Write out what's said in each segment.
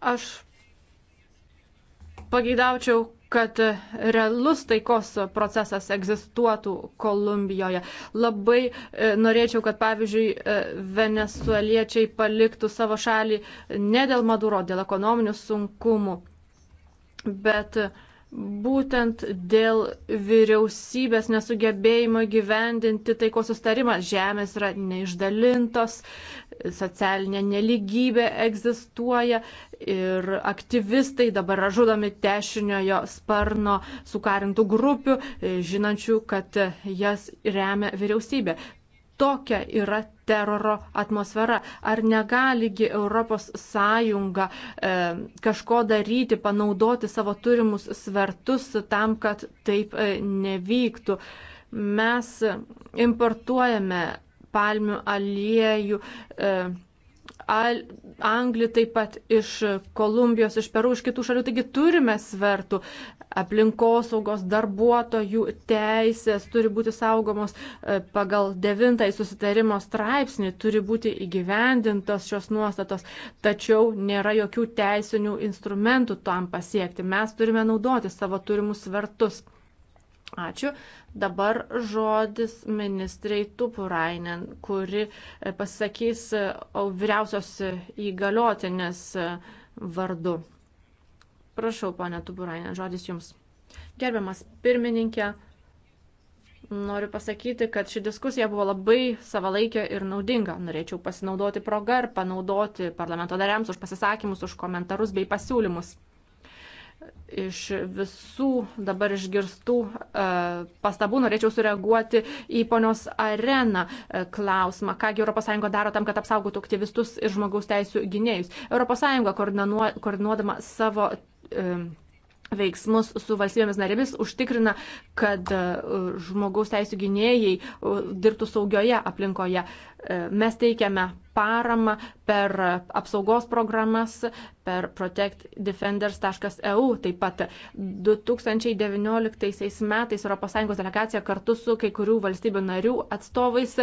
Aš pageidaučiau, kad realus taikos procesas egzistuotų Kolumbijoje. Labai e, norėčiau, kad pavyzdžiui e, venezueliečiai paliktų savo šalį ne dėl Maduro, dėl ekonominių sunkumų, bet uh, būtent dėl vyriausybės nesugebėjimo gyvendinti taikos sustarimą. Žemės yra neišdalintos, socialinė neligybė egzistuoja ir aktyvistai dabar yra žudomi dešiniojo sparno sukarintų grupių, žinančių, kad jas remia vyriausybė tokia yra teroro atmosfera. Ar negaligi ES e, kažko daryti, panaudoti savo turimus svertus tam, kad taip e, nevyktų? Mes importuojame palmių aliejų. E, anglį taip pat iš Kolumbijos, iš Perų, iš kitų šalių. Taigi turime svertų aplinkosaugos darbuotojų teisės, turi būti saugomos e, pagal devintąjį susitarimo straipsnį, turi būti įgyvendintos šios nuostatos, tačiau nėra jokių teisinių instrumentų tam pasiekti. Mes turime naudoti savo turimus svertus. Ačiū. Dabar žodis ministrei Tupurainen, kuri e, pasakys e, vyriausios įgaliotinės e, vardu. Prašau, ponė Tupurainen, žodis jums. Gerbiamas pirmininkė, noriu pasakyti, kad ši diskusija buvo labai savalaikė ir naudinga. Norėčiau pasinaudoti progą ir panaudoti parlamento dariams už pasisakymus, už komentarus bei pasiūlymus. Iš visų dabar išgirstų e, pastabų norėčiau sureaguoti į ponios areną e, klausimą, kągi ES daro tam, kad apsaugotų aktyvistus ir žmogaus teisų gynėjus. ES koordinuodama savo e, veiksmus su valstybėmis narėmis užtikrina, kad e, žmogaus teisų gynėjai e, dirbtų saugioje aplinkoje. E, mes teikiame paramą per apsaugos programas, per protectdefenders.eu. Taip pat 2019 metais ES delegacija kartu su kai kurių valstybių narių atstovais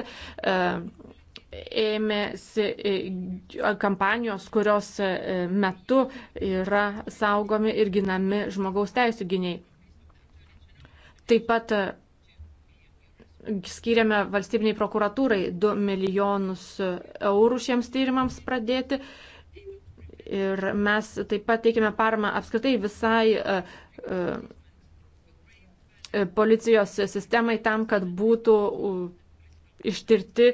ėmėsi e, kampanijos, kurios e, metu yra saugomi ir ginami žmogaus teisų gyniai. Taip pat e, skiriame valstybiniai prokuratūrai 2 milijonus eurų šiems tyrimams pradėti. Ir mes taip pat teikime paramą apskritai visai policijos sistemai tam, kad būtų ištirti e,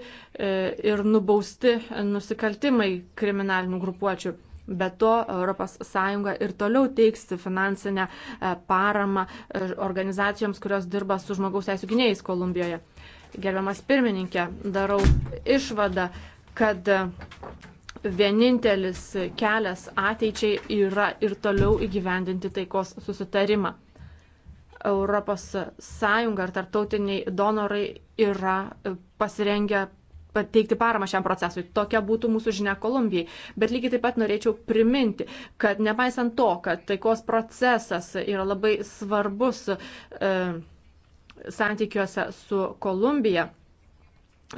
ir nubausti nusikaltimai kriminalinių grupuočių. Be to, ES ir toliau teiks finansinę e, paramą e, organizacijoms, kurios dirba su žmogaus teisų gynėjais Kolumbijoje. Gerbiamas pirmininkė, darau išvadą, kad vienintelis kelias ateičiai yra ir toliau įgyvendinti taikos susitarimą. Europos Sąjunga ar tarptautiniai donorai yra e, pasirengę pateikti paramą šiam procesui. Tokia būtų mūsų žinia Kolumbijai. Bet lygiai taip pat norėčiau priminti, kad nepaisant to, kad taikos procesas yra labai svarbus e, santykiuose su Kolumbija,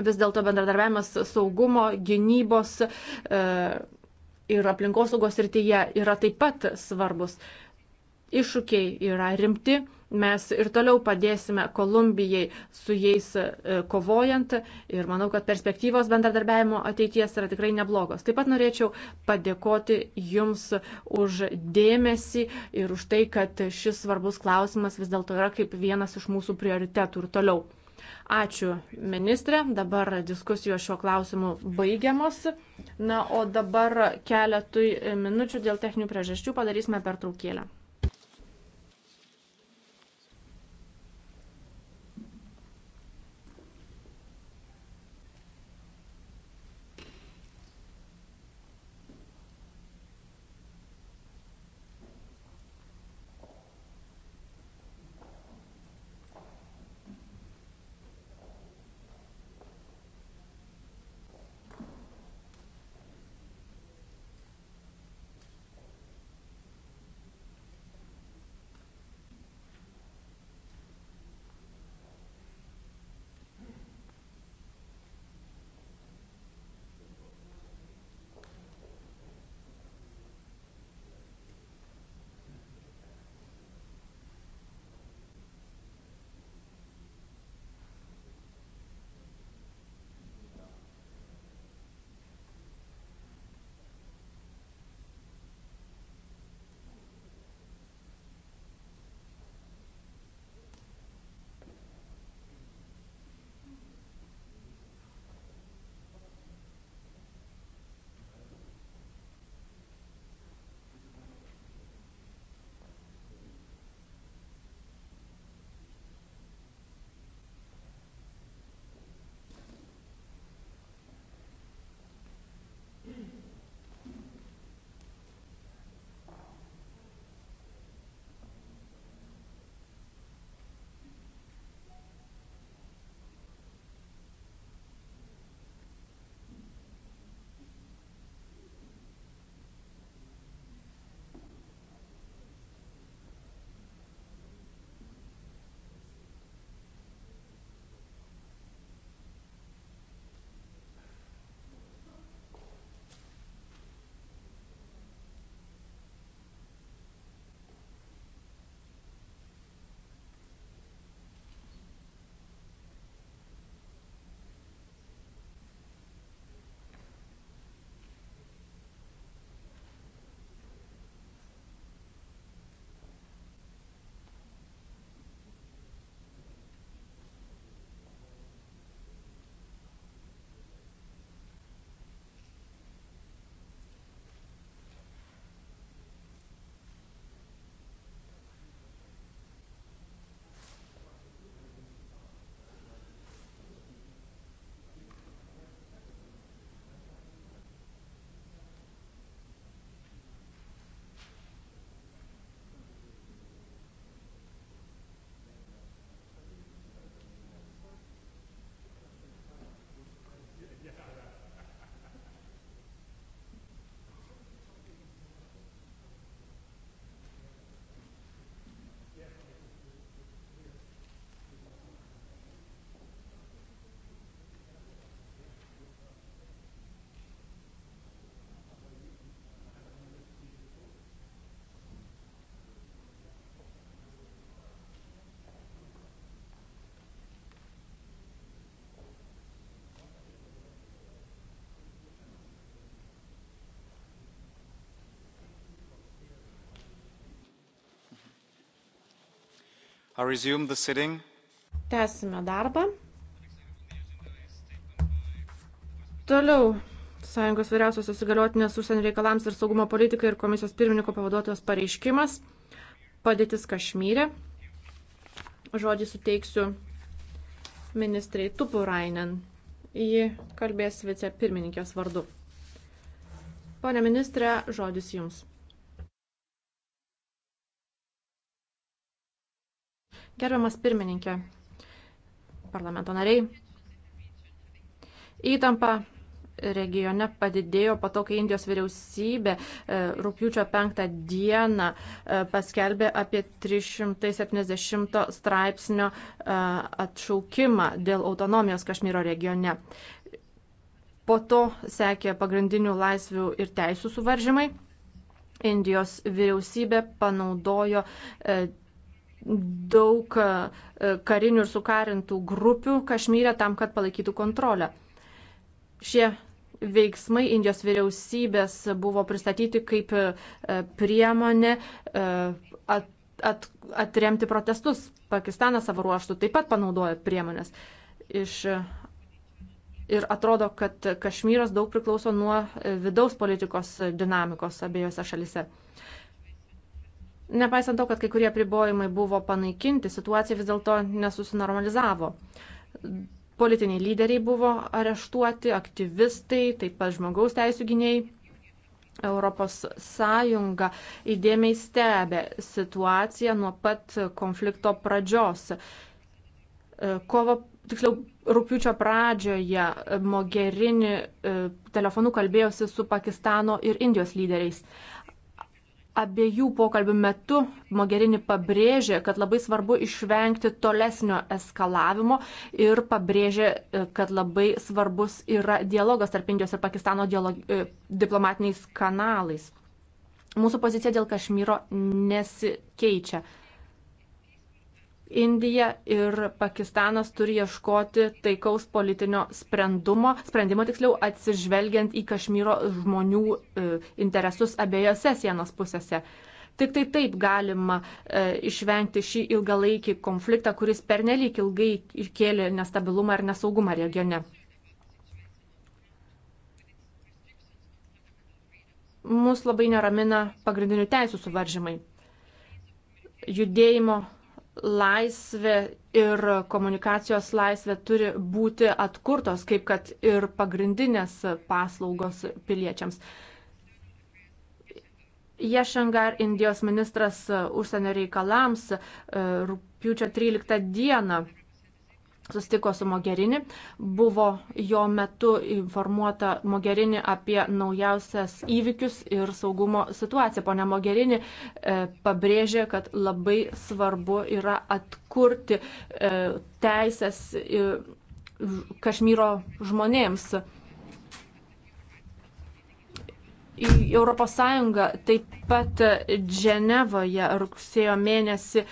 vis dėlto bendradarbiavimas saugumo, gynybos e, ir aplinkosaugos rytyje yra taip pat svarbus. Iššūkiai yra rimti Mes ir toliau padėsime Kolumbijai su jais e, kovojant ir manau, kad perspektyvos bendradarbiavimo ateities yra tikrai neblogos. Taip pat norėčiau padėkoti Jums už dėmesį ir už tai, kad šis svarbus klausimas vis dėlto yra kaip vienas iš mūsų prioritetų ir toliau. Ačiū, ministrė. Dabar diskusijos šiuo klausimu baigiamos. Na, o dabar keletui minučių dėl techninių priežasčių padarysime pertraukėlę. Tęsime darbą. Toliau Sąjungos vyriausios įsigaliotinės užsienio reikalams ir saugumo politikai ir komisijos pirmininko pavaduotojos pareiškimas. Padėtis Kašmyre. Žodį suteiksiu ministrai Tupurainen. Ji kalbės vicepirmininkės vardu. Pone ministrė, žodis jums. Gerbiamas pirmininkė, parlamento nariai, įtampa regione padidėjo po to, kai Indijos vyriausybė e, rūpjūčio 5 dieną e, paskelbė apie 370 straipsnio e, atšaukimą dėl autonomijos Kašmyro regione. Po to sekė pagrindinių laisvių ir teisų suvaržymai. Indijos vyriausybė panaudojo daug e, karinių ir sukarintų grupių Kašmyre tam, kad palaikytų kontrolę. Šie veiksmai Indijos vyriausybės buvo pristatyti kaip e, priemonė e, at, at, atremti protestus. Pakistanas savo ruoštų taip pat panaudoja priemonės. Iš, ir atrodo, kad Kašmyras daug priklauso nuo vidaus politikos dinamikos abiejose šalise. Nepaisant to, kad kai kurie pribojimai buvo panaikinti, situacija vis dėlto nesusinormalizavo. Politiniai lyderiai buvo areštuoti, aktyvistai, taip pat žmogaus teisų gyniai. Europos Sąjunga įdėmiai stebė situaciją nuo pat konflikto pradžios. E, kovo, tiksliau, rūpiučio pradžioje Mogherini e, telefonu kalbėjosi su Pakistano ir Indijos lyderiais. Abiejų pokalbių metu Mogerini pabrėžė, kad labai svarbu išvengti tolesnio eskalavimo ir pabrėžė, e, kad labai svarbus yra dialogas tarp Indijos ir Pakistano dialog, e, diplomatiniais kanalais. Mūsų pozicija dėl Kašmyro nesikeičia. Indija ir Pakistanas turi ieškoti taikaus politinio sprendimo, sprendimo tiksliau atsižvelgiant į Kašmyro žmonių e, interesus abiejose sienos pusėse. Tik tai taip galima e, išvengti šį ilgalaikį konfliktą, kuris pernelyg ilgai kėlė nestabilumą ir nesaugumą regione. Mus labai neramina pagrindinių teisų suvaržymai. Judėjimo laisvė ir komunikacijos laisvė turi būti atkurtos, kaip kad ir pagrindinės paslaugos piliečiams. Ješengar, Indijos ministras užsienio reikalams, e, rūpiučio 13 dieną sustiko su Mogerini, buvo jo metu informuota Mogerini apie naujausias įvykius ir saugumo situaciją. Pone Mogerini e, pabrėžė, kad labai svarbu yra atkurti e, teisės e, Kašmyro žmonėms. Europos Sąjunga taip pat Dženevoje rugsėjo mėnesį e,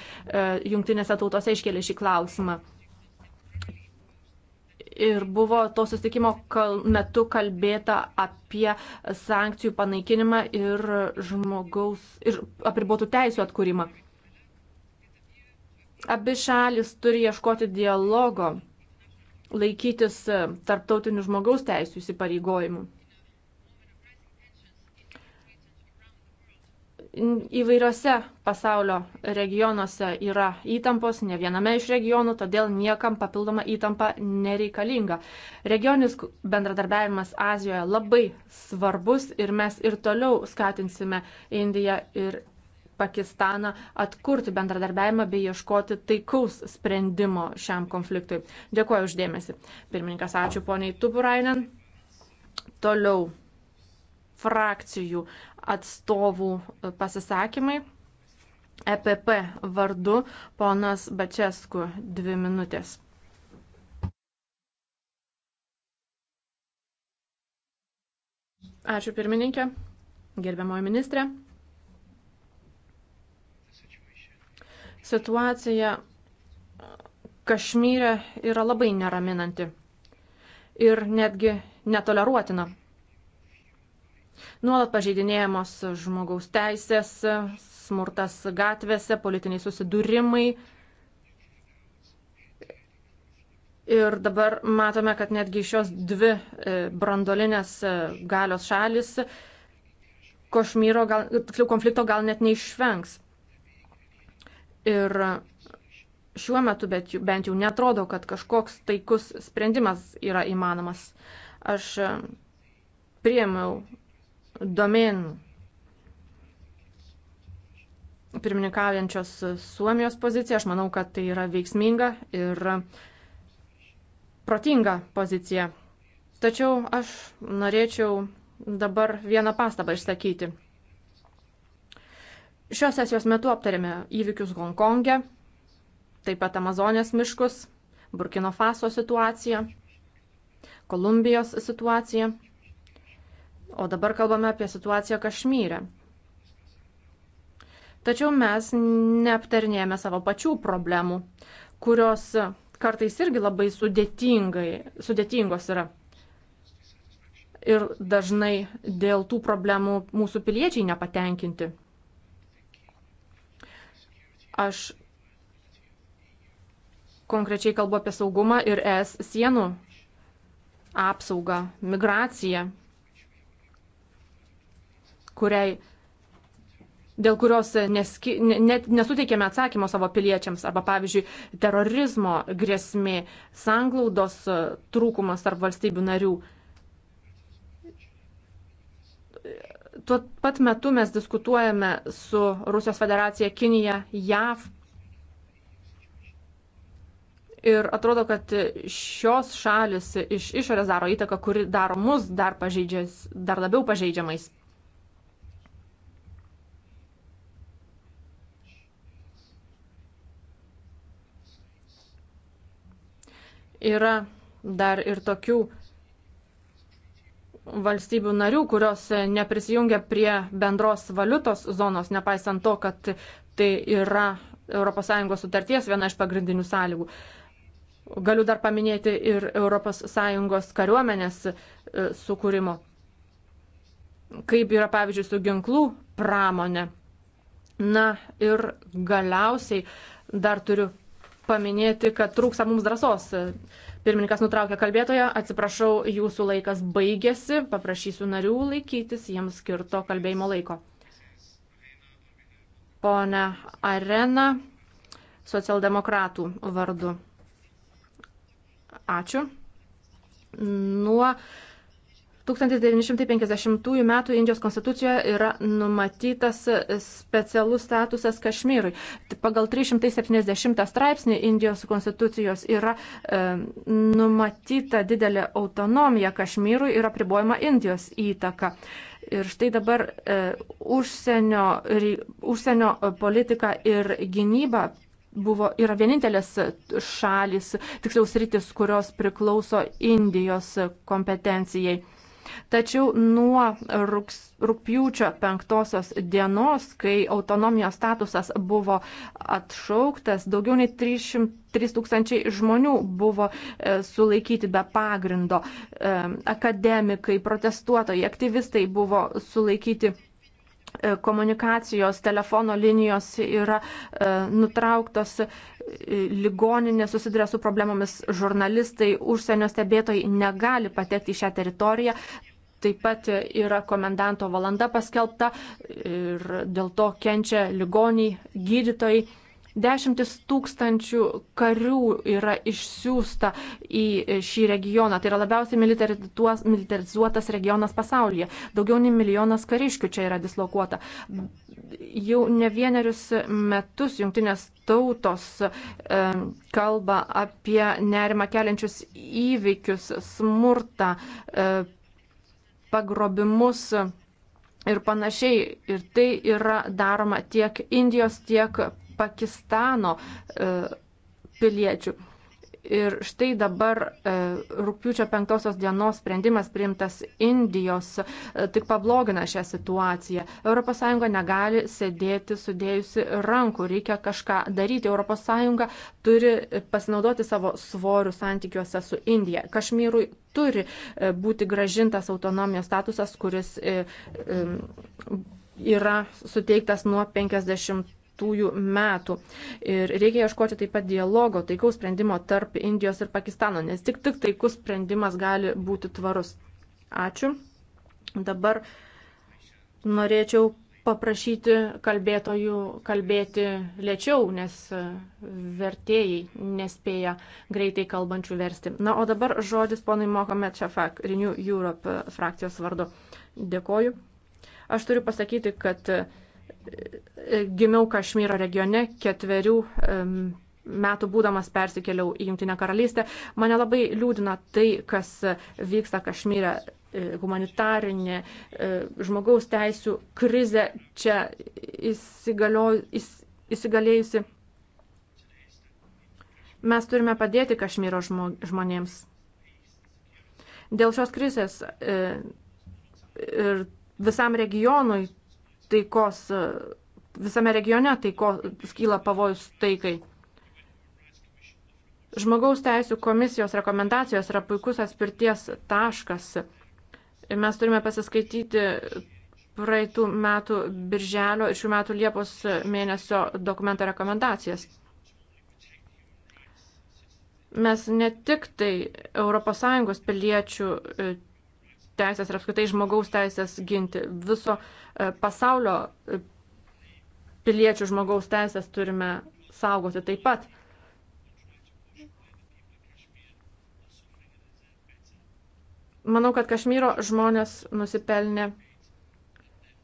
jungtinėse tautose iškėlė šį klausimą. Ir buvo to susitikimo metu kalbėta apie sankcijų panaikinimą ir žmogaus ir apribotų teisų atkūrimą. Abi šalis turi ieškoti dialogo, laikytis tarptautinių žmogaus teisų įsipareigojimų. įvairiose pasaulio regionuose yra įtampos, ne viename iš regionų, todėl niekam papildoma įtampa nereikalinga. Regioninis bendradarbiavimas Azijoje labai svarbus ir mes ir toliau skatinsime Indiją ir Pakistaną atkurti bendradarbiavimą bei ieškoti taikaus sprendimo šiam konfliktui. Dėkuoju uždėmesi. Pirmininkas, ačiū poniai Tupurainen. Toliau frakcijų atstovų pasisakymai. EPP vardu ponas Bačesku dvi minutės. Ačiū pirmininkė, gerbiamoji ministrė. Situacija Kašmyre yra labai neraminanti ir netgi netoleruotina. Nuolat pažeidinėjamos žmogaus teisės, smurtas gatvėse, politiniai susidūrimai. Ir dabar matome, kad netgi šios dvi e, brandolinės e, galios šalis Košmyro, gal, tiksliau, konflikto gal net neišvengs. Ir šiuo metu bet, bent jau netrodo, kad kažkoks taikus sprendimas yra įmanomas. Aš e, priemiau domen pirmininkaujančios Suomijos pozicija. Aš manau, kad tai yra veiksminga ir protinga pozicija. Tačiau aš norėčiau dabar vieną pastabą išsakyti. Šios sesijos metu aptarėme įvykius Hongkonge, taip pat Amazonės miškus, Burkino Faso situaciją, Kolumbijos situaciją. O dabar kalbame apie situaciją Kašmyre. Tačiau mes neaptarnėjame savo pačių problemų, kurios kartais irgi labai sudėtingos yra. Ir dažnai dėl tų problemų mūsų piliečiai nepatenkinti. Aš konkrečiai kalbu apie saugumą ir es sienų apsaugą, migraciją kuriai, dėl kurios neski, net nesuteikėme atsakymo savo piliečiams, arba pavyzdžiui, terorizmo grėsmė, sanglaudos e, trūkumas tarp valstybių narių. Tuo pat metu mes diskutuojame su Rusijos federacija Kinija, JAV. Ir atrodo, kad šios šalis iš išorės daro įtaką, kuri daro mus dar, dar labiau pažeidžiamais. yra dar ir tokių valstybių narių, kurios neprisijungia prie bendros valiutos zonos, nepaisant to, kad tai yra ES sutarties viena iš pagrindinių sąlygų. Galiu dar paminėti ir ES kariuomenės e, sukūrimo. Kaip yra pavyzdžiui su ginklų pramonė. Na ir galiausiai dar turiu paminėti, kad trūksa mums drąsos. Pirmininkas nutraukė kalbėtoją, atsiprašau, jūsų laikas baigėsi, paprašysiu narių laikytis jiems skirto kalbėjimo laiko. Pone Arena, socialdemokratų vardu. Ačiū. Nuo 1950 m. Indijos konstitucijoje yra numatytas specialus statusas Kašmyrui. Pagal 370 straipsnį Indijos konstitucijos yra e, numatyta didelė autonomija Kašmyrui ir apribojama Indijos įtaka. Ir štai dabar e, užsienio, ry, užsienio politika ir gynyba buvo, yra vienintelės šalis, tiksliau sritis, kurios priklauso Indijos kompetencijai. Tačiau nuo rugs, rūpjūčio penktosios dienos, kai autonomijos statusas buvo atšauktas, daugiau nei 300, 3000 žmonių buvo e, sulaikyti be pagrindo. E, akademikai, protestuotojai, aktyvistai buvo sulaikyti E, komunikacijos telefono linijos yra e, nutrauktos, e, ligoninė susiduria su problemomis, žurnalistai, užsienio stebėtojai negali patekti į šią teritoriją. Taip pat yra komendanto valanda paskelbta ir dėl to kenčia ligoniai, gydytojai. Dešimtis tūkstančių karių yra išsiųsta į šį regioną. Tai yra labiausiai militarizuotas regionas pasaulyje. Daugiau nei milijonas kariškių čia yra dislokuota. Jau ne vienerius metus jungtinės tautos e, kalba apie nerimą keliančius įvykius, smurtą, e, pagrobimus ir panašiai. Ir tai yra daroma tiek Indijos, tiek Pakistano e, piliečių. Ir štai dabar e, rūpiučio penktosios dienos sprendimas priimtas Indijos e, tik pablogina šią situaciją. ES negali sėdėti sudėjusi rankų, reikia kažką daryti. ES turi pasinaudoti savo svorių santykiuose su Indija. Kašmyrui turi būti gražintas autonomijos statusas, kuris yra suteiktas nuo 50 metų. Ir reikia ieškoti taip pat dialogo, taikaus sprendimo tarp Indijos ir Pakistano, nes tik, tik taikus sprendimas gali būti tvarus. Ačiū. Dabar norėčiau paprašyti kalbėtojų kalbėti lėčiau, nes vertėjai nespėja greitai kalbančių versti. Na, o dabar žodis ponai Mohamed Šafak, Renew Europe frakcijos vardu. Dėkoju. Aš turiu pasakyti, kad Gimiau Kašmyro regione, ketverių metų būdamas persikėliau į Junktinę karalystę. Mane labai liūdina tai, kas vyksta Kašmyre e, humanitarinė e, žmogaus teisų krizė čia įsigalio, įs, įsigalėjusi. Mes turime padėti Kašmyro žmonėms. Dėl šios krizės e, ir visam regionui taikos, visame regione taiko, skyla pavojus taikai. Žmogaus teisų komisijos rekomendacijos yra puikus atspirties taškas. Mes turime pasiskaityti praeitų metų birželio ir šių metų Liepos mėnesio dokumento rekomendacijas. Mes ne tik tai ES piliečių teisės ir apskritai žmogaus teisės ginti. Viso e, pasaulio e, piliečių žmogaus teisės turime saugoti taip pat. Manau, kad Kašmyro žmonės nusipelnė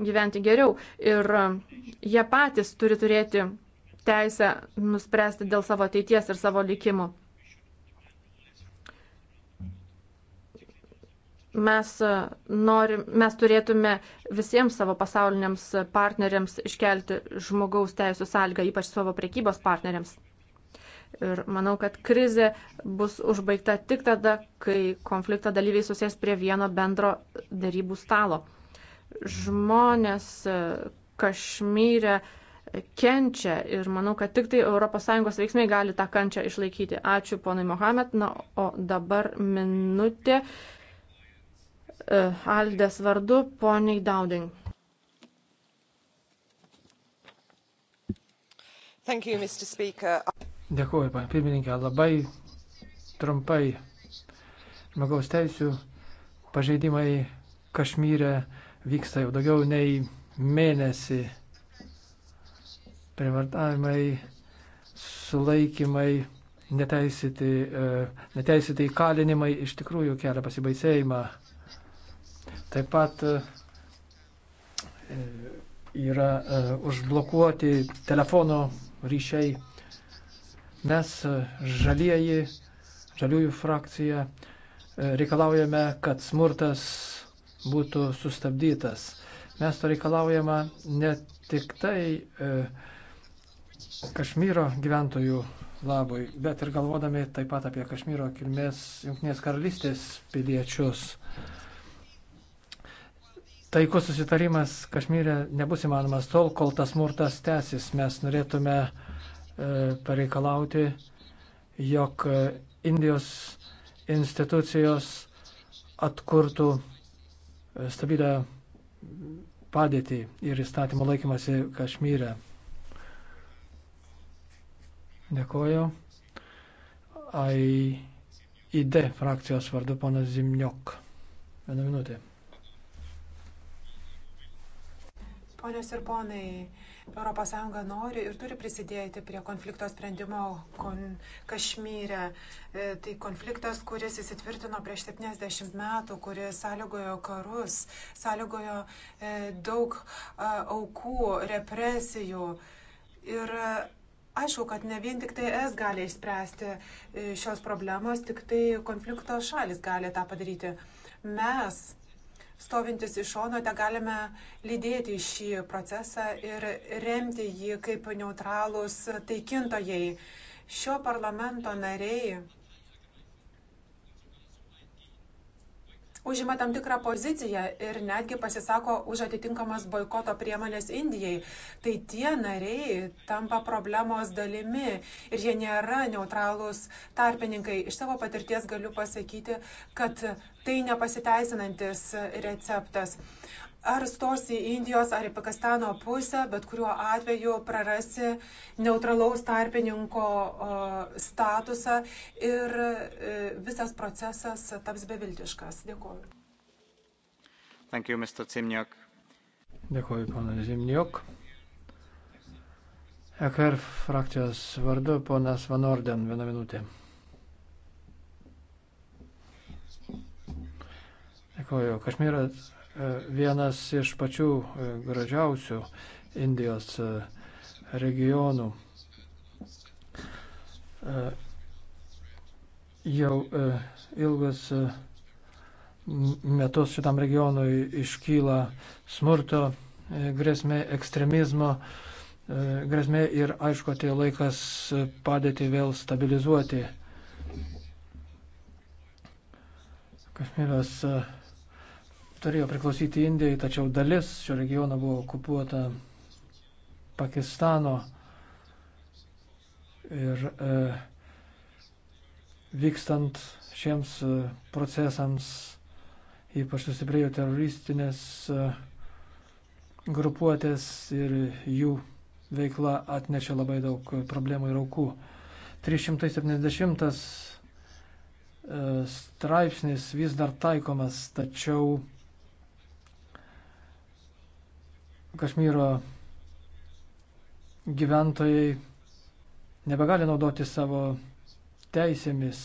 gyventi geriau ir e, jie patys turi turėti teisę nuspręsti dėl savo ateities ir savo likimo. mes, e, norim, mes turėtume visiems savo pasauliniams partneriams iškelti žmogaus teisų sąlygą, ypač savo prekybos partneriams. Ir manau, kad krizė bus užbaigta tik tada, kai konflikto dalyviai susės prie vieno bendro darybų stalo. Žmonės e, Kašmyre kenčia ir manau, kad tik tai ES veiksmai gali tą kančią išlaikyti. Ačiū ponai Mohamed. Na, o dabar minutė E, Aldės vardu poniai Dauding. Dėkuoju, pan pirmininkė, labai trumpai. Žmogaus teisų pažeidimai Kašmyre vyksta jau daugiau nei mėnesį. Privartavimai, sulaikymai, neteisėti, e, neteisėti įkalinimai iš tikrųjų kelia pasibaisėjimą Taip pat e, yra e, užblokuoti telefono ryšiai. Mes e, žalieji, žaliųjų frakcija reikalaujame, kad smurtas būtų sustabdytas. Mes to reikalaujame ne tik tai Kašmyro gyventojų labui, bet ir galvodami taip pat apie Kašmyro kilmės Junktinės karalystės piliečius. Taikos susitarimas Kašmyrė nebus įmanomas tol, kol tas smurtas tęsis. Mes norėtume e, pareikalauti, jog Indijos institucijos atkurtų e, stabilę padėtį ir įstatymo laikymasi Kašmyrė. Dėkoju. AID frakcijos vardu ponas Zimniok. Vieną minutę. Ponios ir ponai, ES nori ir turi prisidėti prie konflikto sprendimo kon Kašmyre. E, tai konfliktas, kuris įsitvirtino prieš 70 metų, kuris sąlygojo karus, sąlygojo e, daug e, aukų, represijų. Ir e, aišku, kad ne vien tik tai es gali išspręsti e, šios problemos, tik tai konflikto šalis gali tą padaryti. Mes stovintis iš šono, te galime lydėti šį procesą ir remti jį kaip neutralūs taikintojai. Šio parlamento nariai užima tam tikrą poziciją ir netgi pasisako už atitinkamas boikoto priemonės Indijai, tai tie nariai tampa problemos dalimi ir jie nėra neutralūs tarpininkai. Iš savo patirties galiu pasakyti, kad tai nepasiteisinantis receptas ar stosi į Indijos ar į Pakistano pusę, bet kuriuo atveju prarasi neutralaus tarpininko statusą ir e, visas procesas taps beviltiškas. Dėkuoju. Thank you, Mr. Cimniok. Dėkuoju, ponas Zimniok. EKR frakcijos vardu ponas Van Orden, vieną minutę. Dėkuoju. Kašmyras vienas iš pačių e, gražiausių Indijos e, regionų. E, jau ilgas metus šitam regionui iškyla smurto grėsmė, ekstremizmo grėsmė ir aišku, atėjo laikas padėti vėl stabilizuoti. Kašmyras uh, turėjo priklausyti Indijai, tačiau dalis šio regiono buvo okupuota Pakistano ir e, vykstant šiems e, procesams ypač sustiprėjo teroristinės e, grupuotės ir jų veikla atnešė labai daug problemų ir aukų. 370 e, straipsnis vis dar taikomas, tačiau Kašmyro gyventojai nebegali naudoti savo teisėmis.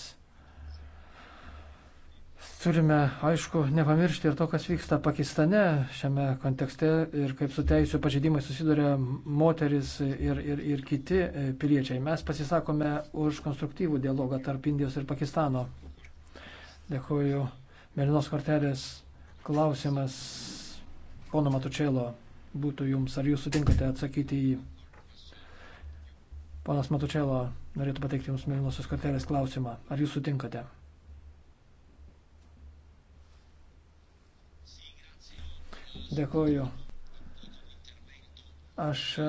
Turime, aišku, nepamiršti ir to, kas vyksta Pakistane šiame kontekste ir kaip su teisų pažeidimai susiduria moteris ir, ir, ir kiti e, piliečiai. Mes pasisakome už konstruktyvų dialogą tarp Indijos ir Pakistano. Dėkuoju. Melinos kortelės klausimas pono Matučėlo būtų jums. Ar jūs sutinkate atsakyti į jį? Ponas Matučelo norėtų pateikti jums mėlynosios kortelės klausimą. Ar jūs sutinkate? Dėkoju. Aš e,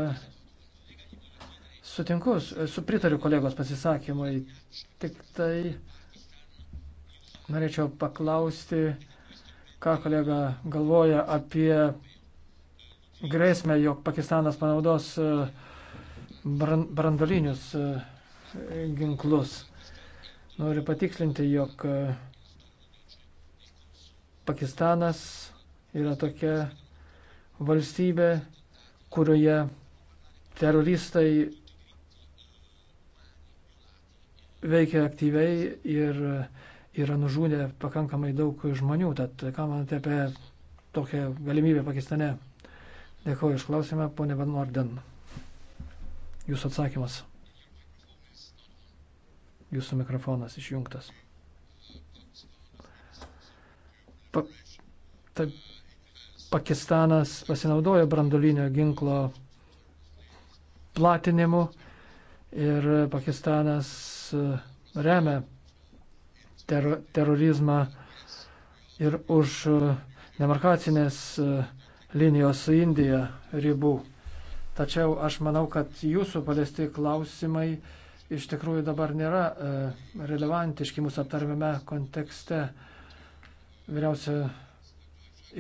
sutinku, e, supritariu kolegos pasisakymui, tik tai norėčiau paklausti, ką kolega galvoja apie grėsmę, jog Pakistanas panaudos e, brandolinius e, ginklus. Noriu patikslinti, jog e, Pakistanas yra tokia valstybė, kurioje teroristai veikia aktyviai ir yra nužudę pakankamai daug žmonių. Tad ką manote apie tokią galimybę Pakistane? Dėkuoju iš klausimą, ponė Van Orden. Jūsų atsakymas. Jūsų mikrofonas išjungtas. Pa, taip, Pakistanas pasinaudojo brandolinio ginklo platinimu ir Pakistanas e, remia ter, terorizmą ir už e, demarkacinės uh, linijos su Indija ribų. Tačiau aš manau, kad jūsų paliesti klausimai iš tikrųjų dabar nėra e, relevantiški mūsų aptarime kontekste. Vyriausia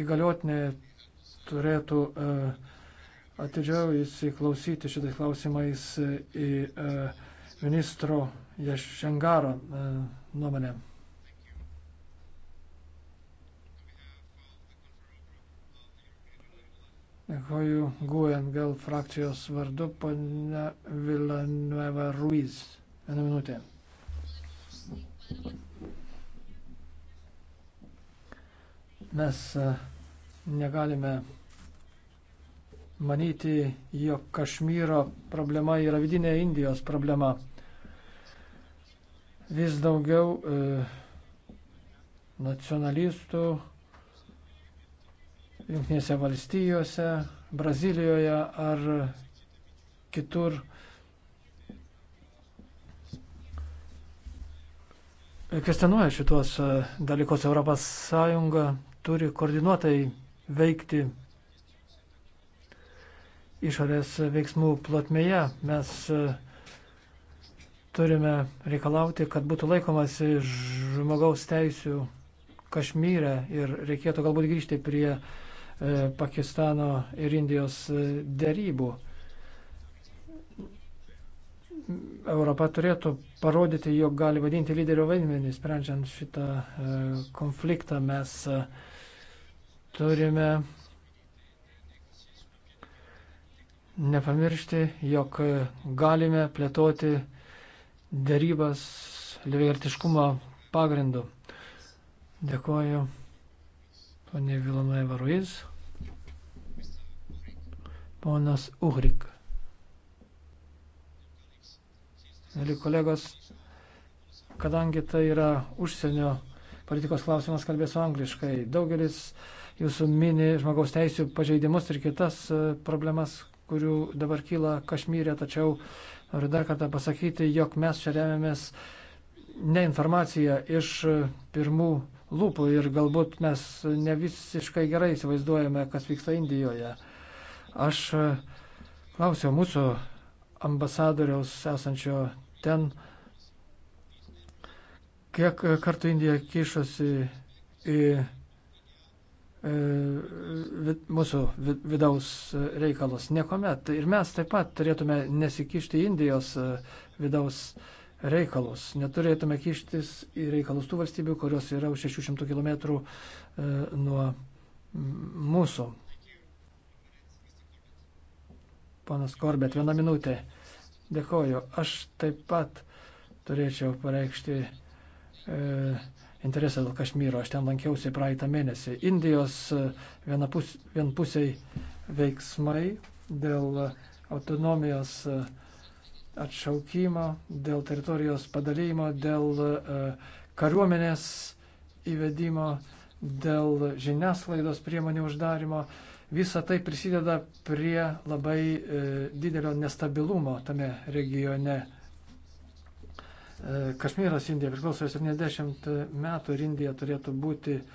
įgaliotinė turėtų e, atidžiau įsiklausyti šitais klausimais į e, ministro Ješengaro e, nuomonę. Dėkoju GUNGL frakcijos vardu, ponia Villanueva Ruiz. Vieną minutę. Mes e, negalime manyti, jog Kašmyro problema yra vidinė Indijos problema. Vis daugiau e, nacionalistų Junktinėse valstijose, Brazilijoje ar kitur. Kvestionuoja šitos e, dalykus Europos Sąjunga turi koordinuotai veikti išorės veiksmų plotmėje. Mes e, turime reikalauti, kad būtų laikomasi žmogaus teisių Kašmyre ir reikėtų galbūt grįžti prie E, Pakistano ir Indijos e, dėrybų. Europa turėtų parodyti, jog gali vadinti lyderio vaidmenį, sprendžiant šitą e, konfliktą. Mes turime nepamiršti, jog galime plėtoti dėrybas lyvertiškumo pagrindu. Dėkuoju ponė Vilanueva Ruiz, ponas Uhrik. Mėly kolegos, kadangi tai yra užsienio politikos klausimas, kalbėsiu angliškai. Daugelis jūsų mini žmogaus teisų pažeidimus ir kitas e, problemas, kurių dabar kyla Kašmyrė, tačiau noriu dar kartą pasakyti, jog mes čia remiamės ne informaciją iš e, pirmų lūpų ir galbūt mes ne visiškai gerai įsivaizduojame, kas vyksta Indijoje. Aš e, klausiau mūsų ambasadoriaus esančio ten, kiek kartų Indija kišosi į e, mūsų vidaus reikalus. Niekuomet. Ir mes taip pat turėtume nesikišti Indijos e, vidaus reikalus. Neturėtume kištis į reikalus tų valstybių, kurios yra už 600 km e, nuo mūsų. Ponas Korbet, vieną minutę. Dėkoju. Aš taip pat turėčiau pareikšti e, interesą dėl Kašmyro. Aš ten lankiausi praeitą mėnesį. Indijos e, vienapus, vienpusiai veiksmai dėl autonomijos e, atšaukimo, dėl teritorijos padalymo, dėl e, kariuomenės įvedimo, dėl žiniasklaidos priemonių uždarimo. Visa tai prisideda prie labai e, didelio nestabilumo tame regione. E, Kašmyras Indija priklauso 70 metų ir Indija turėtų būti e,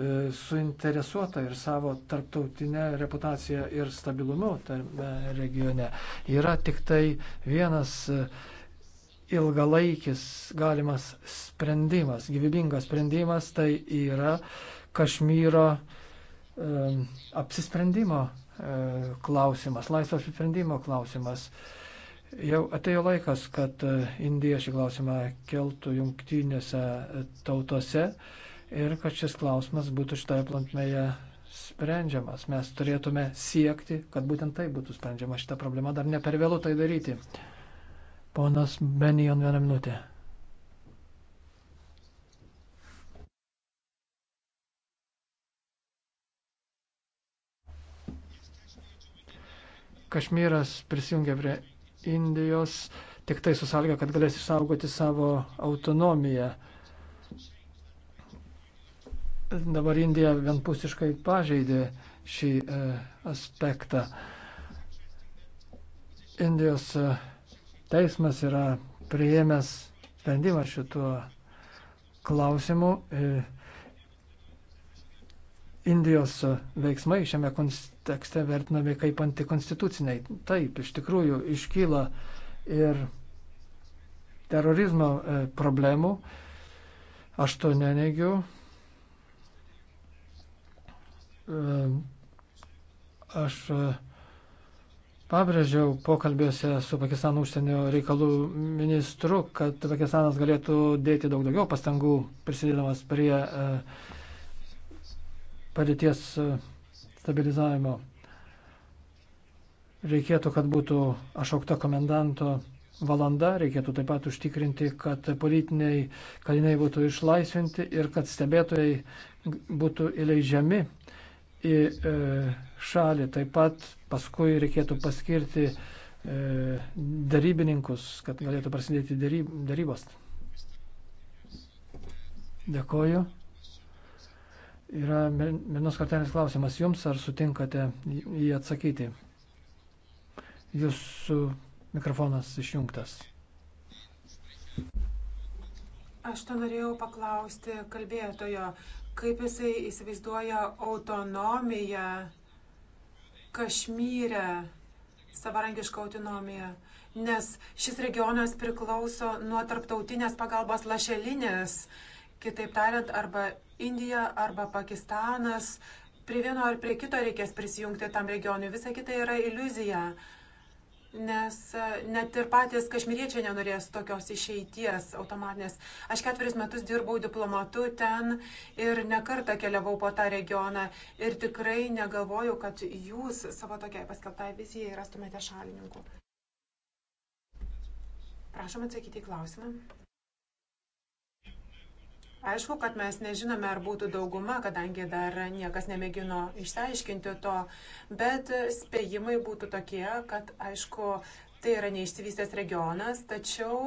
E, suinteresuota ir savo tarptautinę reputaciją ir stabilumu tame regione. Yra tik tai vienas e, ilgalaikis galimas sprendimas, gyvybingas sprendimas, tai yra Kašmyro e, apsisprendimo e, klausimas, laisvo apsisprendimo klausimas. Jau atėjo laikas, kad e, Indija šį klausimą keltų jungtinėse tautose. E, ir kad šis klausimas būtų šitoje plankmėje sprendžiamas. Mes turėtume siekti, kad būtent tai būtų sprendžiama šita problema, dar ne per vėlų tai daryti. Ponas Benijon vieną minutę. Kašmyras prisijungia prie Indijos tik tai su sąlyga, kad galės išsaugoti savo autonomiją. Dabar Indija vienpusiškai pažeidė šį e, aspektą. Indijos e, teismas yra prieėmęs sprendimą šituo klausimu. E, Indijos e, veiksmai šiame kontekste vertinami kaip antikonstituciniai. Taip, iš tikrųjų iškyla ir terorizmo e, problemų. Aš to neneigiu, aš e, pabrėžiau pokalbėse su Pakistano užsienio reikalų ministru, kad Pakistanas galėtų dėti daug daugiau pastangų prisidėdamas prie e, padėties e, stabilizavimo. Reikėtų, kad būtų ašaukta komendanto valanda, reikėtų taip pat užtikrinti, kad politiniai kaliniai būtų išlaisvinti ir kad stebėtojai būtų įleidžiami į e, šalį. Taip pat paskui reikėtų paskirti e, darybininkus, kad galėtų prasidėti darybos. Dėkoju. Yra vienos kartelės klausimas jums, ar sutinkate jį atsakyti. Jūsų mikrofonas išjungtas. Aš to norėjau paklausti kalbėtojo kaip jisai įsivaizduoja autonomiją Kašmyre, savarankišką autonomiją, nes šis regionas priklauso nuo tarptautinės pagalbos lašelinės, kitaip tariant, arba Indija, arba Pakistanas, prie vieno ar prie kito reikės prisijungti tam regionui, visa kita yra iliuzija nes e, net ir patys kašmiriečiai nenorės tokios išeities automatinės. Aš ketveris metus dirbau diplomatu ten ir nekartą keliavau po tą regioną ir tikrai negalvojau, kad jūs savo tokiai paskelbtai vizijai rastumėte šalininkų. Prašom atsakyti į klausimą. Aišku, kad mes nežinome, ar būtų dauguma, kadangi dar niekas nemėgino išsiaiškinti to, bet spėjimai būtų tokie, kad aišku, tai yra neišsivystęs regionas, tačiau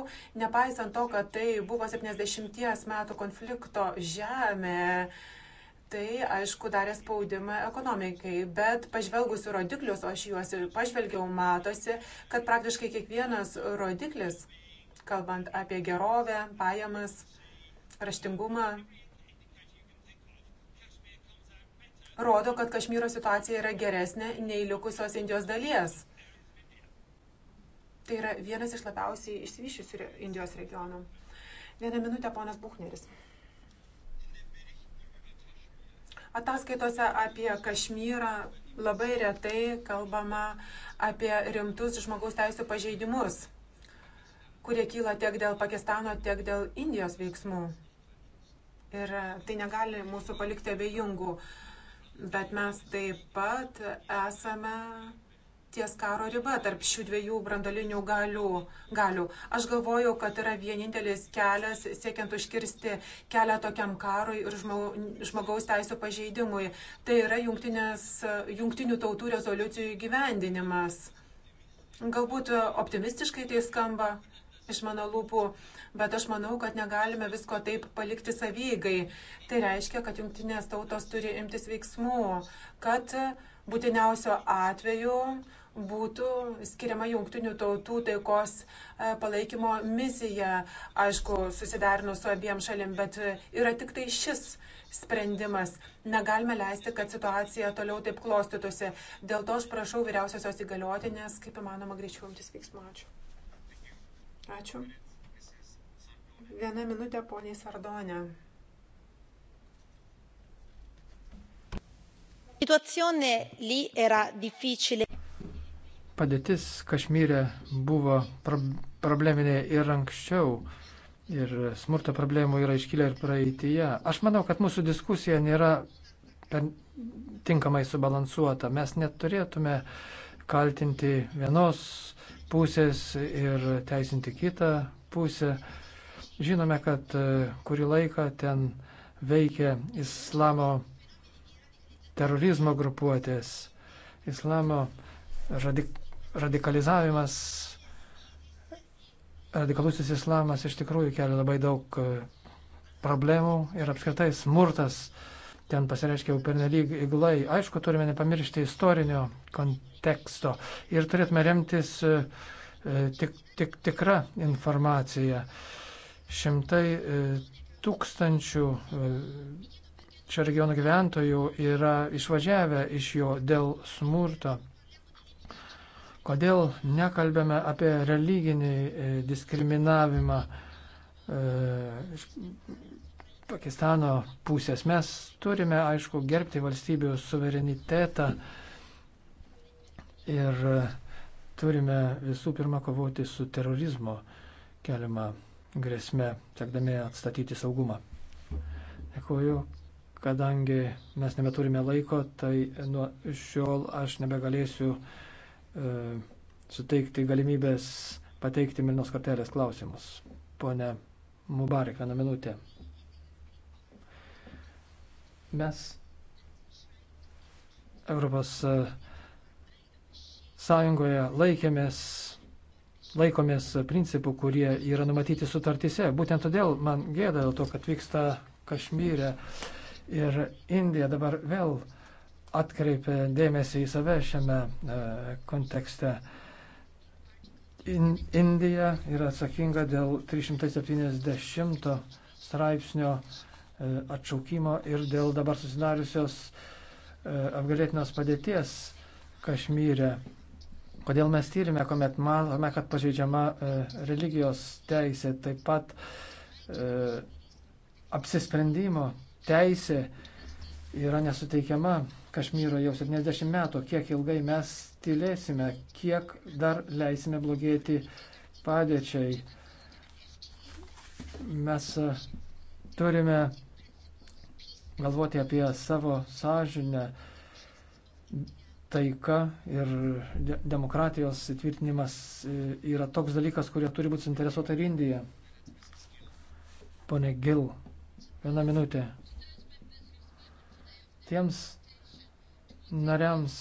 nepaisant to, kad tai buvo 70 metų konflikto žemė, tai aišku darė spaudimą ekonomikai, bet pažvelgus į rodiklius, o aš juos ir pažvelgiau, matosi, kad praktiškai kiekvienas rodiklis, kalbant apie gerovę, pajamas, raštingumą, rodo, kad Kašmyro situacija yra geresnė nei likusios Indijos dalies. Tai yra vienas iš labiausiai išsivyščiusių Indijos regionų. Vieną minutę, ponas Buchneris. Ataskaitose apie Kašmyrą labai retai kalbama apie rimtus žmogaus teisų pažeidimus, kurie kyla tiek dėl Pakistano, tiek dėl Indijos veiksmų. Ir e, tai negali mūsų palikti abejingų. Bet mes taip pat esame ties karo riba tarp šių dviejų brandolinių galių. galių. Aš galvojau, kad yra vienintelis kelias siekiant užkirsti kelią tokiam karui ir žmogaus teisų pažeidimui. Tai yra jungtinių tautų rezoliucijų gyvendinimas. Galbūt optimistiškai tai skamba, iš mano lūpų, bet aš manau, kad negalime visko taip palikti savygai. Tai reiškia, kad jungtinės tautos turi imtis veiksmų, kad būtiniausio atveju būtų skiriama jungtinių tautų taikos e, palaikymo misija, aišku, susidarinu su abiem šalim, bet yra tik tai šis sprendimas. Negalime leisti, kad situacija toliau taip klostytųsi. Dėl to aš prašau vyriausiosios įgaliotinės, kaip įmanoma, greičiau imtis veiksmų. Ačiū. Ačiū. Viena minutė poniai Sardonė. Padėtis Kašmyre buvo probleminė ir anksčiau, ir smurto problemų yra iškilę ir praeitįje. Aš manau, kad mūsų diskusija nėra tinkamai subalansuota. Mes neturėtume kaltinti vienos pusės ir teisinti kitą pusę. Žinome, kad e, kurį laiką ten veikia islamo terorizmo grupuotės, islamo radik radikalizavimas, radikalusis islamas iš tikrųjų kelia labai daug e, problemų ir apskritai smurtas ten pasireiškia jau pernelyg įglai. Aišku, turime nepamiršti istorinio konteksto ir turėtume remtis e, tik, tik, tikra informacija. Šimtai e, tūkstančių e, šio regiono gyventojų yra išvažiavę iš jo dėl smurto. Kodėl nekalbėme apie religinį diskriminavimą Pakistano pusės. Mes turime, aišku, gerbti valstybių suverenitetą ir turime visų pirma kovoti su terorizmo keliama grėsme, siekdami atstatyti saugumą. Dėkuoju, kadangi mes nebeturime laiko, tai nuo šiol aš nebegalėsiu e, suteikti galimybės pateikti Milnos kartelės klausimus. Pone Mubarek, vieną minutę. Mes Europos e, Sąjungoje laikėmės, laikomės principų, kurie yra numatyti sutartyse. Būtent todėl man gėda dėl to, kad vyksta Kašmyrė ir Indija dabar vėl atkreipė dėmesį į save šiame e, kontekste. In, Indija yra atsakinga dėl 370 straipsnio E, atšaukimo ir dėl dabar susidariusios e, apgalėtinos padėties Kašmyre. Kodėl mes tyrime, kuomet matome, kad pažeidžiama e, religijos teisė, taip pat apsisprendimo teisė yra nesuteikiama Kašmyro jau 70 metų, kiek ilgai mes tylėsime, kiek dar leisime blogėti padėčiai. Mes Turime galvoti apie savo sąžinę, taika ir de demokratijos įtvirtinimas e, yra toks dalykas, kurie turi būti suinteresuota ir Indija. Pone Gil, vieną minutę. Tiems nariams,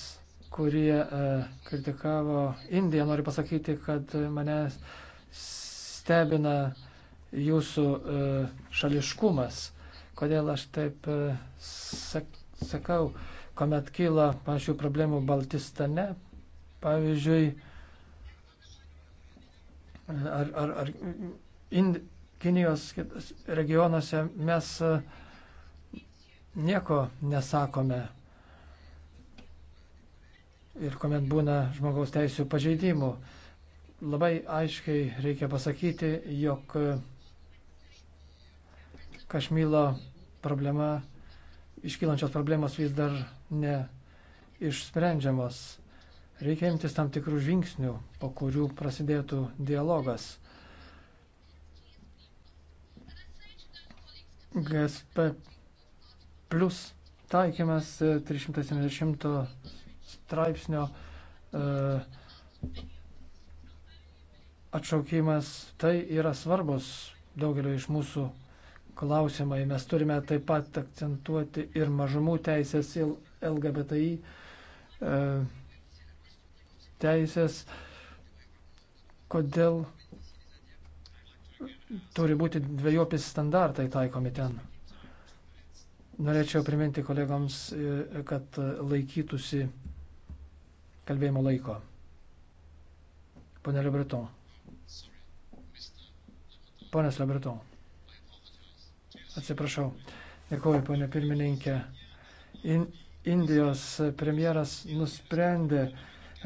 kurie e, kritikavo Indiją, noriu pasakyti, kad manęs stebina jūsų e, šališkumas. Kodėl aš taip e, sakau, kuomet kyla panašių problemų Baltistane, pavyzdžiui, ar, ar, ar Ind, Kinijos regionuose mes e, nieko nesakome. Ir kuomet būna žmogaus teisų pažeidimų, labai aiškiai reikia pasakyti, jog Kašmylo problema, iškylančios problemos vis dar neišsprendžiamos. Reikia imtis tam tikrų žingsnių, po kurių prasidėtų dialogas. GSP plus taikymas 370 e, straipsnio e, atšaukimas tai yra svarbus daugeliu iš mūsų klausimai. Mes turime taip pat akcentuoti ir mažumų teisės, ir LGBTI e, teisės. Kodėl turi būti dviejopi standartai taikomi ten? Norėčiau priminti kolegams, e, kad laikytųsi kalbėjimo laiko. Pone Lebreton. Ponas Lebreton. Atsiprašau. Dėkuoju, ponė pirmininkė. In, Indijos premjeras nusprendė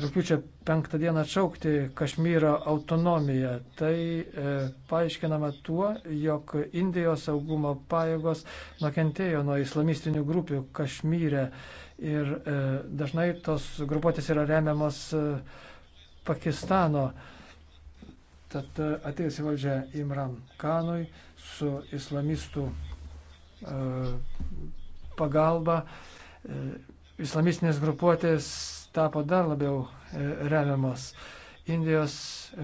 rūpiučio penktą dieną atšaukti Kašmyro autonomiją. Tai e, paaiškinama tuo, jog Indijos saugumo pajėgos nukentėjo nuo islamistinių grupių Kašmyre ir e, dažnai tos grupuotės yra remiamos e, Pakistano. E, Tad e, atėjęs į valdžią Imran Kanui su islamistų e, pagalba, e, islamistinės grupuotės tapo dar labiau remiamas. Indijos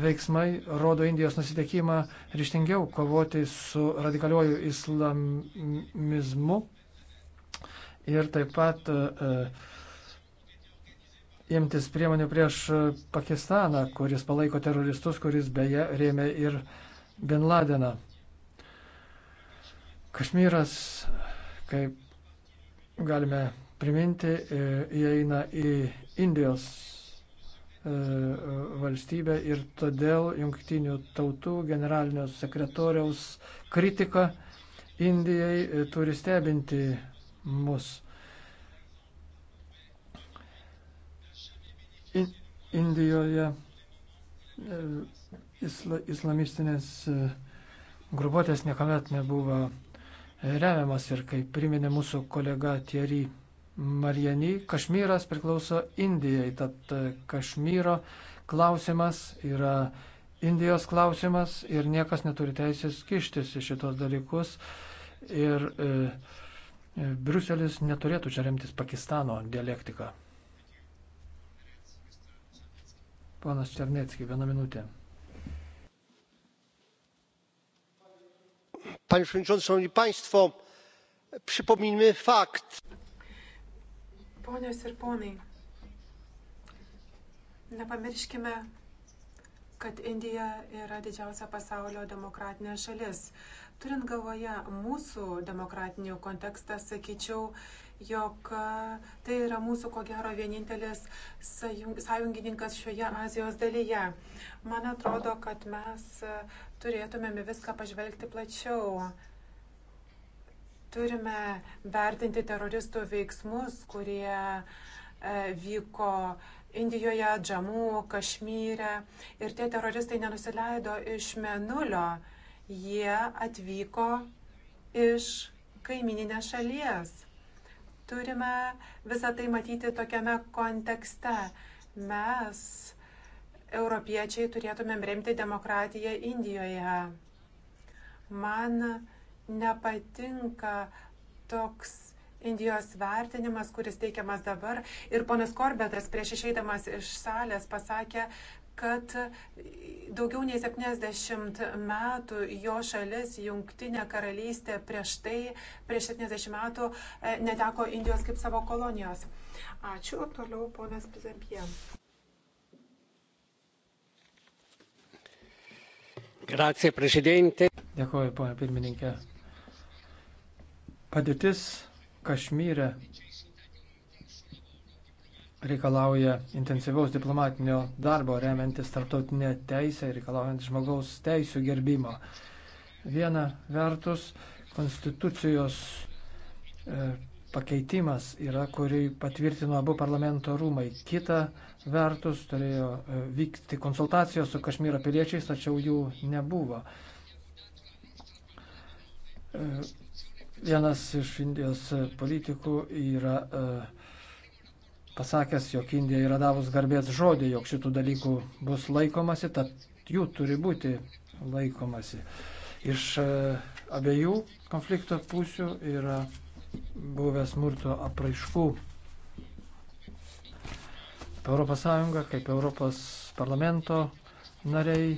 veiksmai rodo Indijos nusiteikimą ryštingiau kovoti su radikaliuoju islamizmu ir taip pat uh, imtis priemonių prieš Pakistaną, kuris palaiko teroristus, kuris beje rėmė ir Bin Ladeną. Kašmyras, kaip galime priminti, e, įeina į Indijos e, valstybę ir todėl jungtinių tautų generalinio sekretoriaus kritika Indijai e, turi stebinti mus. Indijoje e, isla, islamistinės e, grupuotės niekuomet nebuvo e, remiamas ir kaip priminė mūsų kolega Thierry Mariani, Kašmyras priklauso Indijai, tad Kašmyro klausimas yra Indijos klausimas ir niekas neturi teisės kištis į šitos dalykus. Ir e, Briuselis neturėtų čia remtis Pakistano dialektiką. Ponas Černetski, vieną minutę. Panie Przewodniczący, Szanowni Państwo, przypomnijmy fakt. Ponios ir ponai, nepamirškime, kad Indija yra didžiausia pasaulio demokratinė šalis. Turint galvoje mūsų demokratinį kontekstą, sakyčiau, jog e, tai yra mūsų ko gero vienintelis sąjungininkas šioje Azijos dalyje. Man atrodo, kad mes e, turėtumėme viską pažvelgti plačiau. Turime vertinti teroristų veiksmus, kurie e, vyko Indijoje, Džamų, Kašmyre. Ir tie teroristai nenusileido iš Menulio. Jie atvyko iš kaimininės šalies turime visą tai matyti tokiame kontekste. Mes, europiečiai, turėtumėm remti demokratiją Indijoje. Man nepatinka toks Indijos vertinimas, kuris teikiamas dabar. Ir ponas Korbetas prieš išeidamas iš salės pasakė, kad daugiau nei 70 metų jo šalis, Jungtinė karalystė, prieš tai, prieš 70 metų e, neteko Indijos kaip savo kolonijos. Ačiū, toliau ponas Pizempie. Grazie, prezidente. Dėkuoju, ponia pirmininkė. Padėtis Kašmyre reikalauja intensyvaus diplomatinio darbo, remiantis tarptautinė teisė, reikalaujant žmogaus teisų gerbimo. Viena vertus, konstitucijos e, pakeitimas yra, kurį patvirtino abu parlamento rūmai. Kita vertus, turėjo e, vykti konsultacijos su Kašmyro piliečiais, tačiau jų nebuvo. E, vienas iš Indijos politikų yra e, pasakęs, jog Indija yra davus garbės žodį, jog šitų dalykų bus laikomasi, tad jų turi būti laikomasi. Iš e, abiejų konflikto pusių yra buvę smurto apraiškų. Europos Sąjunga, kaip Europos parlamento nariai,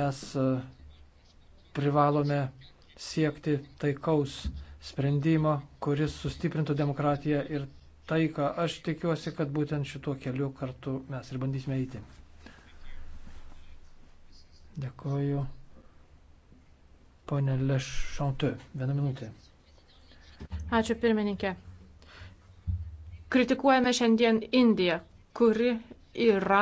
mes e, privalome siekti taikaus sprendimo, kuris sustiprintų demokratiją ir taiką. Aš tikiuosi, kad būtent šituo keliu kartu mes ir bandysime eiti. Dėkoju. Pone Lešantu, vieną minutę. Ačiū pirmininkė. Kritikuojame šiandien Indiją, kuri yra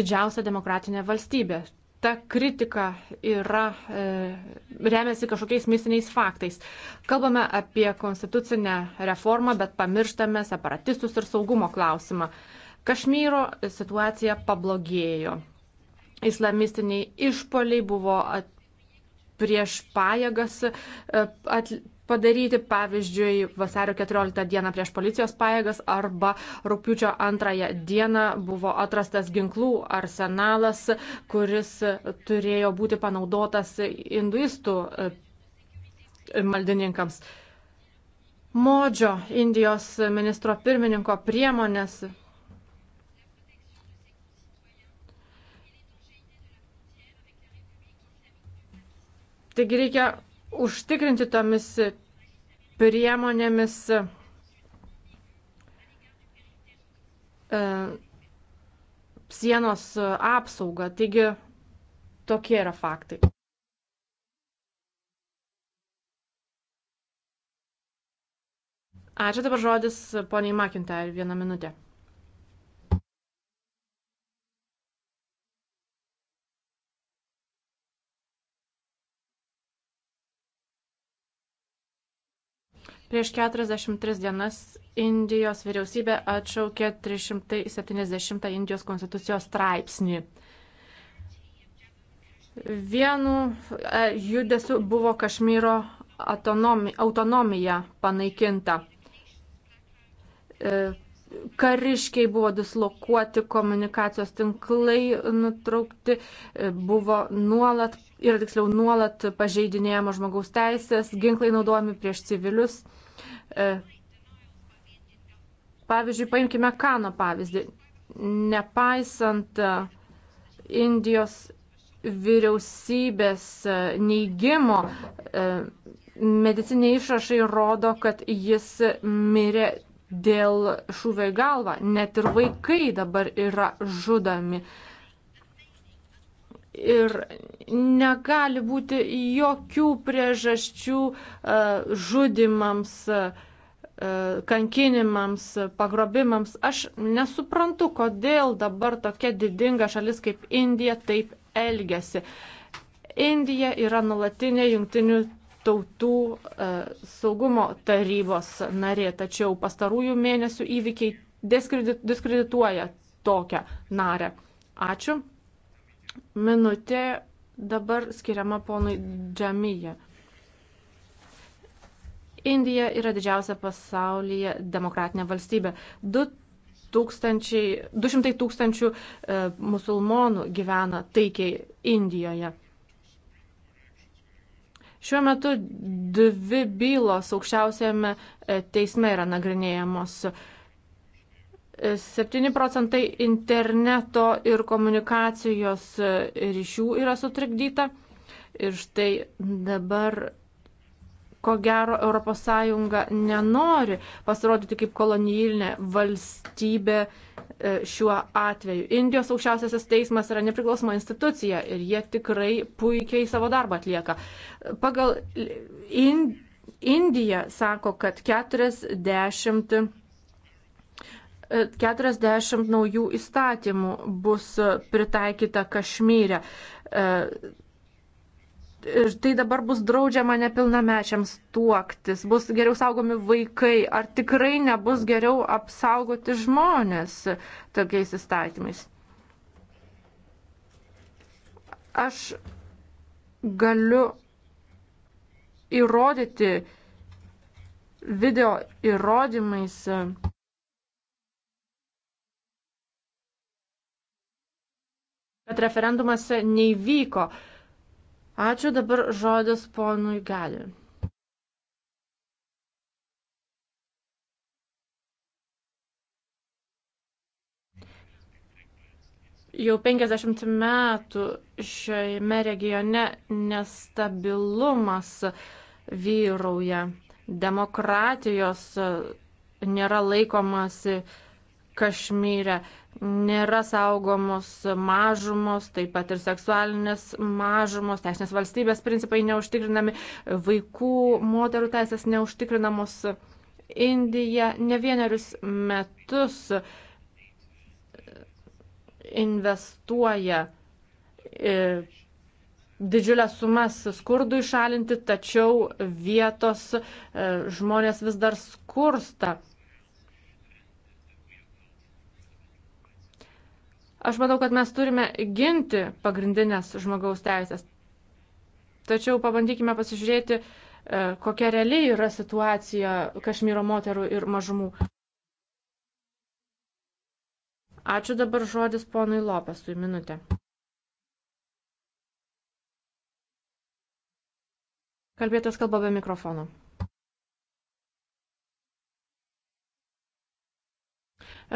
didžiausia demokratinė valstybė ta kritika yra, e, remiasi kažkokiais mistiniais faktais. Kalbame apie konstitucinę reformą, bet pamirštame separatistus ir saugumo klausimą. Kašmyro situacija pablogėjo. Islamistiniai išpoliai buvo prieš pajėgas e, at, padaryti, pavyzdžiui, vasario 14 dieną prieš policijos pajėgas arba rūpiučio 2 dieną buvo atrastas ginklų arsenalas, kuris turėjo būti panaudotas hinduistų e, maldininkams. Modžio Indijos ministro pirmininko priemonės Taigi reikia užtikrinti tomis priemonėmis e, sienos apsaugą. Taigi tokie yra faktai. Ačiū dabar žodis poniai Makintai ir vieną minutę. Prieš 43 dienas Indijos vyriausybė atšaukė 370 Indijos konstitucijos straipsnį. Vienu e, judesiu buvo Kašmyro autonomija panaikinta. E, kariškiai buvo dislokuoti, komunikacijos tinklai nutraukti, e, buvo nuolat, ir tiksliau nuolat pažeidinėjama žmogaus teisės, ginklai naudojami prieš civilius. E, pavyzdžiui, paimkime Kano pavyzdį. Nepaisant e, Indijos vyriausybės e, neigimo, mediciniai išrašai rodo, kad jis mirė dėl šūvio į galvą. Net ir vaikai dabar yra žudami ir negali būti jokių priežasčių e, žudimams, e, kankinimams, pagrobimams. Aš nesuprantu, kodėl dabar tokia didinga šalis kaip Indija taip elgesi. Indija yra nulatinė jungtinių tautų e, saugumo tarybos narė, tačiau pastarųjų mėnesių įvykiai diskredituoja tokią narę. Ačiū minutė dabar skiriama ponui Džamija. Indija yra didžiausia pasaulyje demokratinė valstybė. 2000, 200 tūkstančių e, musulmonų gyvena taikiai Indijoje. Šiuo metu dvi bylos aukščiausiame e, teisme yra nagrinėjamos. E, 7 procentai interneto ir komunikacijos ryšių yra sutrikdyta. Ir štai dabar, ko gero, ES nenori pasirodyti kaip kolonijilinė valstybė e, šiuo atveju. Indijos aukščiausiasis teismas yra nepriklausoma institucija ir jie tikrai puikiai savo darbą atlieka. Pagal Indiją sako, kad 40 40 naujų įstatymų bus pritaikyta Kašmyre. E, ir tai dabar bus draudžiama nepilnamečiams tuoktis, bus geriau saugomi vaikai, ar tikrai nebus geriau apsaugoti žmonės tokiais įstatymais. Aš galiu įrodyti video įrodymais kad referendumas neįvyko. Ačiū dabar žodis ponui Gali. Jau 50 metų šiame regione nestabilumas vyrauja. Demokratijos nėra laikomasi Kašmyre nėra saugomos mažumos, taip pat ir seksualinės mažumos, teisinės valstybės principai neužtikrinami, vaikų, moterų teisės neužtikrinamos. Indija ne vienerius metus investuoja e, didžiulės sumas skurdui šalinti, tačiau vietos e, žmonės vis dar skursta. Aš manau, kad mes turime ginti pagrindinės žmogaus teisės. Tačiau pabandykime pasižiūrėti, e, kokia realiai yra situacija Kašmyro moterų ir mažumų. Ačiū dabar žodis ponui Lopesui minutę. Kalbėtas kalba be mikrofono.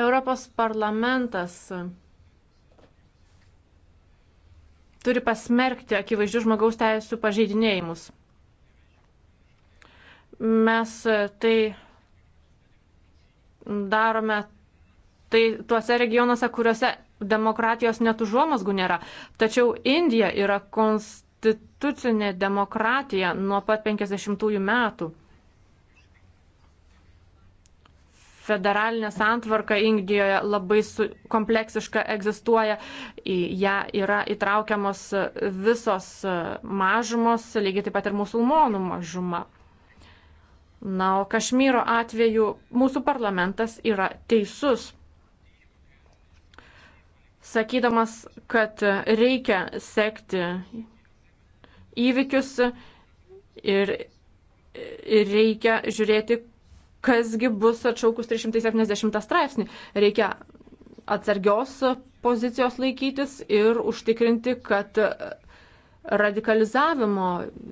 Europos parlamentas turi pasmerkti akivaizdžių žmogaus teisų pažeidinėjimus. Mes e, tai darome tai tuose regionuose, kuriuose demokratijos net užuomasgų nėra. Tačiau Indija yra konstitucinė demokratija nuo pat 50-ųjų metų. federalinė santvarka Indijoje labai su, kompleksiška egzistuoja, į ją yra įtraukiamos visos mažumos, lygiai taip pat ir musulmonų mažuma. Na, o Kašmyro atveju mūsų parlamentas yra teisus, sakydamas, kad reikia sekti įvykius ir reikia žiūrėti, kasgi bus atšaukus 370 straipsnį. Reikia atsargios pozicijos laikytis ir užtikrinti, kad radikalizavimo,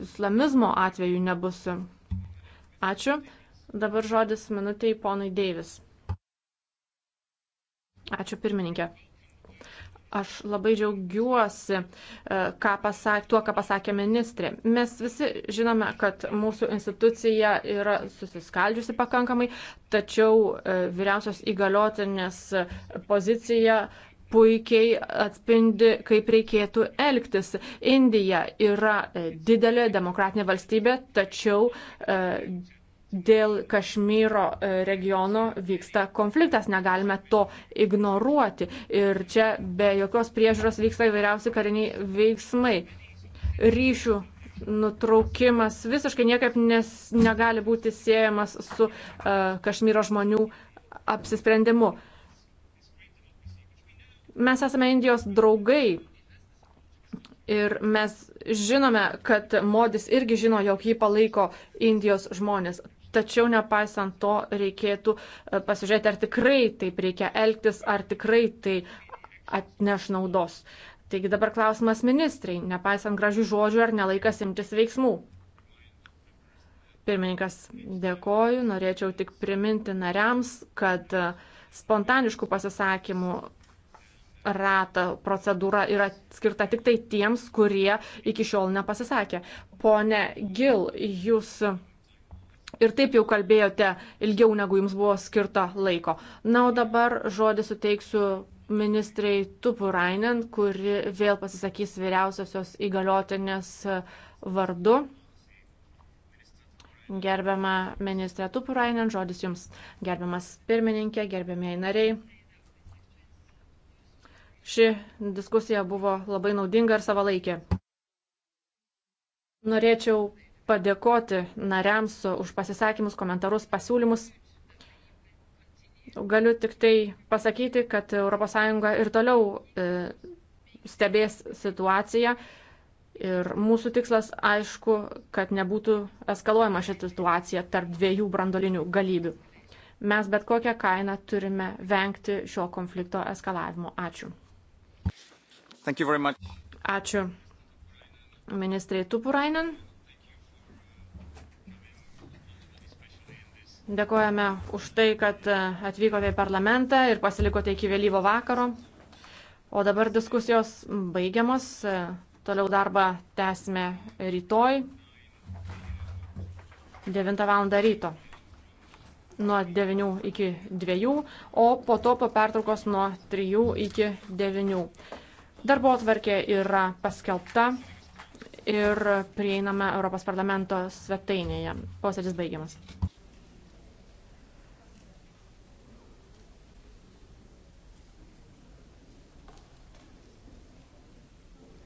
islamizmo atveju nebus. Ačiū. Dabar žodis minutė į ponui Deivis. Ačiū pirmininkė. Aš labai džiaugiuosi e, ką pasak, tuo, ką pasakė ministrė. Mes visi žinome, kad mūsų institucija yra susiskaldžiusi pakankamai, tačiau e, vyriausios įgaliotinės pozicija puikiai atspindi, kaip reikėtų elgtis. Indija yra e, didelė demokratinė valstybė, tačiau dėl Kašmyro e, regiono vyksta konfliktas, negalime to ignoruoti. Ir čia be jokios priežiūros vyksta įvairiausi kariniai veiksmai. Ryšių nutraukimas visiškai niekaip nes, negali būti siejamas su uh, Kašmyro žmonių apsisprendimu. Mes esame Indijos draugai Ir mes žinome, kad Modis irgi žino, jog jį palaiko Indijos žmonės. Tačiau nepaisant to reikėtų e, pasižiūrėti, ar tikrai taip reikia elgtis, ar tikrai tai atneš naudos. Taigi dabar klausimas ministrai, nepaisant gražių žodžių, ar nelaikas imtis veiksmų. Pirmininkas, dėkoju, norėčiau tik priminti nariams, kad e, spontaniškų pasisakymų ratą procedūra yra skirta tik tai tiems, kurie iki šiol nepasisakė. Pone Gil, jūs Ir taip jau kalbėjote ilgiau, negu jums buvo skirta laiko. Na, o dabar žodį suteiksiu ministrei Tupurainen, kuri vėl pasisakys vyriausiosios įgaliotinės vardu. Gerbiama ministrė Tupurainen, žodis jums. Gerbiamas pirmininkė, gerbėmiai nariai. Ši diskusija buvo labai naudinga ir savalaikė. Norėčiau padėkoti nariams už pasisakymus, komentarus, pasiūlymus. Galiu tik tai pasakyti, kad ES ir toliau e, stebės situaciją ir mūsų tikslas aišku, kad nebūtų eskaluojama ši situacija tarp dviejų brandolinių galybių. Mes bet kokią kainą turime vengti šio konflikto eskalavimo. Ačiū. Ačiū. Ministrei Tupurainen. Dėkojame už tai, kad e, atvykote į parlamentą ir pasilikote iki vėlyvo vakaro. O dabar diskusijos baigiamos. E, toliau darbą tęsime rytoj 9 val. ryto nuo 9 iki 2, o po to po pertraukos nuo 3 iki 9. Darbo atvarkė yra paskelbta ir prieinama Europos parlamento svetainėje. Posėdis baigiamas.